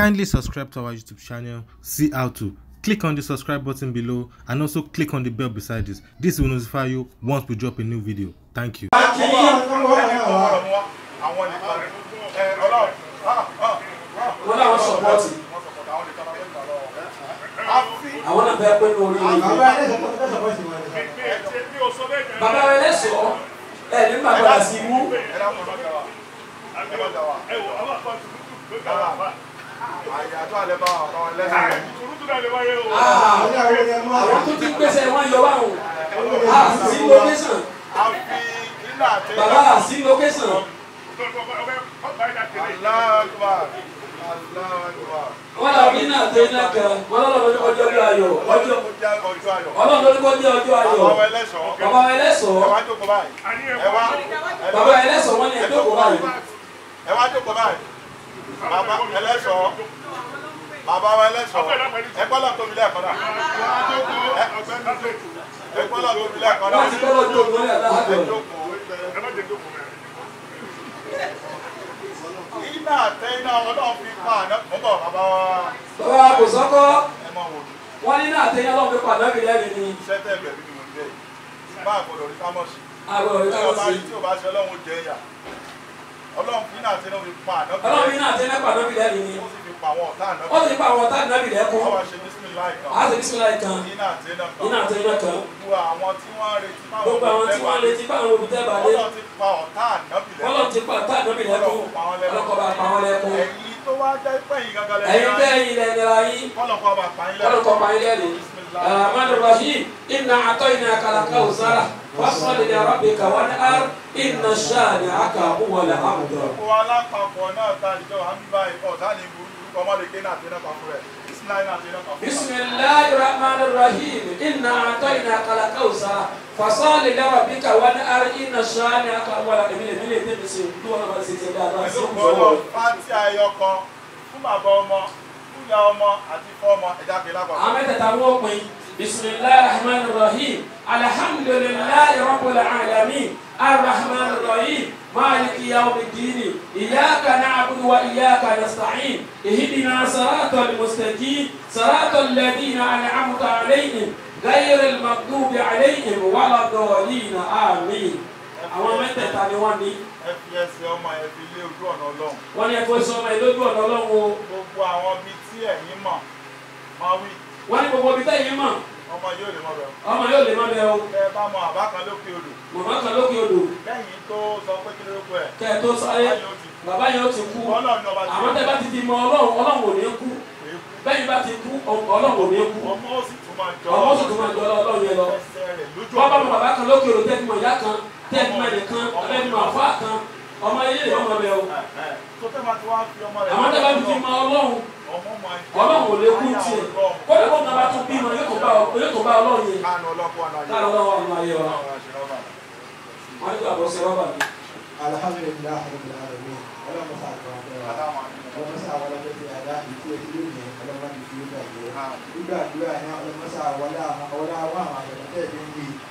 Kindly subscribe to our YouTube channel, see how to. Click on the subscribe button below and also click on the bell beside this. This will notify you once we drop a new video. Thank you. àwọn náà bẹ́ẹ̀ pé ní orí ìlú. bàbá rẹ lẹ́sọ̀ọ́ ẹ̀ ní bàbá rẹ sí wú àwọn tó ti pèsè wọn yọ wá o sí location bàbá sí location. wọ́n lọ bí náà tó iná kan wọ́n lọ́dọ̀ lórí ọjọ́ bí ayọ̀ ọjọ́ ọlọ́dọ̀ lórí ọjọ́ ọjọ́ ayọ̀ bàbá ẹlẹ́sọ̀ọ́ bàbá ẹlẹ́sọ̀ọ́ wọ́n ní ẹjọ́ kò báyìí bàbá ẹlẹ́sọ̀ bàbá wa ẹlẹ́sọ̀ ẹgbọ́lọ̀ tóbi lẹ́ẹ̀kan náà ẹgbọ́lọ̀ tóbi lẹ́ẹ̀kan náà ẹgbọ́lọ̀ tóbi lẹ́ẹ̀kan náà iná àtẹ iná ọlọ́run fi pa àná mọ́bọ̀ bàbá wa. bàbá kò sọ́kọ́ wọ́n ní náà àtẹ iná ọlọ́run fi pa àná mi lẹ́rìí ni. sẹ́tẹ̀ bẹ̀rẹ̀ mi ni mo ń jẹ́ yìí bá àgbọ̀dọ̀ rí kámọ̀sì. àgbọ̀dọ̀ rí kámọ̀sì. tí o bá ṣe ọlọ́run jẹ ìyà ọlọ́run fi náà tẹ́lẹ̀ fi pa àdọ́bí lẹ́yìn. ọlọ́run fi náà tẹ́lẹ̀ pa àdọ́bí lẹ́yìn ni. ó sì fi pa àwọn ọ̀tá àdọ́bí. ó a pa àwọn ọ̀tá àdọ́bí lẹ́kún. àwọn ṣe bisimilayi kan. a ṣe bisimilayi kan. iná àtẹ́lẹ̀ kan. iná àtẹ́lẹ̀ kan. gbogbo àwọn tí wọ́n retí pa àwọn olùtẹ́bàdé. gbogbo àwọn tí wọ́n retí pa àwọn ọlọ́run ti pa ọ̀tá àdọ́bí lẹ́kún. ọlọ́kọ̀ọ́ba pa wọ́n lẹ́kún. ẹ̀yin tó wá jẹ́ pẹ́yìn gangan lẹ́yìn. ẹ̀yin الرحمن الرحيم إنا أعطيناك الكوثر فصل لربك وانهر إن شانئك هو الأبتر. بسم الله الرحمن الرحيم إنا أعطيناك الكوثر فصل لربك وانهر إن شانئك هو الأبتر. ìyá ọmọ àti fọ́ ọmọ ẹ̀dá bíi lápapọ̀. àwọn mẹ́tẹ̀ẹ̀ta wọ́n pin bisimilayi rahman rahim alihamdulilayi rabbil alamin arahman rahim maliki yawmi dini iyaka na'budu wa iyaka nasta'in ihdina siratal mustaqim siratal ladina an'amta alayhim ghayr al-maghdubi alayhim wala dhalin amin. àwọn mẹ́tẹ̀ẹ̀ta ni wọ́n ní. ẹ fi ẹsẹ̀ ọmọ ẹ fi lé ojú ọ̀nà ọlọ́run. wọ́n ní ẹ fi ẹsẹ̀ ọmọ ẹ lójú ọ̀nà ọlọ́run o. gbogbo àwọn ibi tí ẹ̀yin mọ̀ máa wí. wọ́n ní gbogbo ibi tẹ́yin mọ̀. ọmọ yóò lè mọ bẹ. ọmọ yóò lè mọ bẹ o. ẹ bá mọ àbá kan lókè odò. màmá kan lókè odò. lẹ́yìn tó sọ pé kí lóko ẹ̀. kẹ́ ẹ tó sáré bàbá yẹn ó ti kú. àwọn tẹ́ bá ti di mọ ọlọ́run ọlọ́run ò ní kú. bẹ́ẹ̀ ni bá ti kú ọlọ́run ò ní kú. ọmọ ó sì tún máa jọ ọlọ́run yẹn lọ lókè òrò tẹ́tìmọ̀ ìyá kan tẹ́tìmọ̀ ẹnìkan abẹ́tìmọ̀ àfọ́ kan ọmọ ilé ìwé ọmọ bẹ́ẹ̀ o. àwọn dábàá fi ma ọlọ́run ọlọ́run ò lè kú tiẹ̀ kódà kó nàbà tún bí wọn yóò tó bá ọlọ́run yẹn káàní ọlọ́run ọ̀nà ayé wa. wọ́n yóò àbọ̀ sẹ́wọ́ bàbí. alhamdulilayi alhamdulilayi ọlọ́run sáà kọ́ ọlọ́run sáà wọlé pẹ̀lú àdá ìkú ètò yẹn ọlọ́run ti fi gbàgbé gbígbàdúrà náà ọlọ́run sáà wọlé àwọn àwọn àwọn àjọ̀dún tẹ̀lé ń yìí.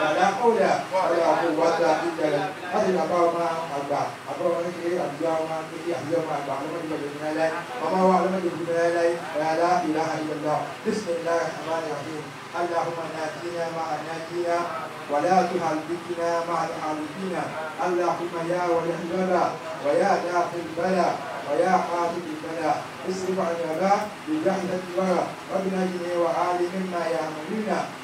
ولا حول ولا قوة إلا بالله هذه الأقوام أربعة أقوام نكري أبيام نكري أبيام أربعة لما يجب أن لا وما هو لما يجب أن لا لا إله إلا الله بسم الله الرحمن الرحيم اللهم ناجينا مع ناجينا ولا تهلكنا مع الهالكين اللهم يا ولي البلاء ويا داخل البلاء ويا حافظ البلاء اصرف عن البلاء بجهل الورى وابن وآل مما يأمرنا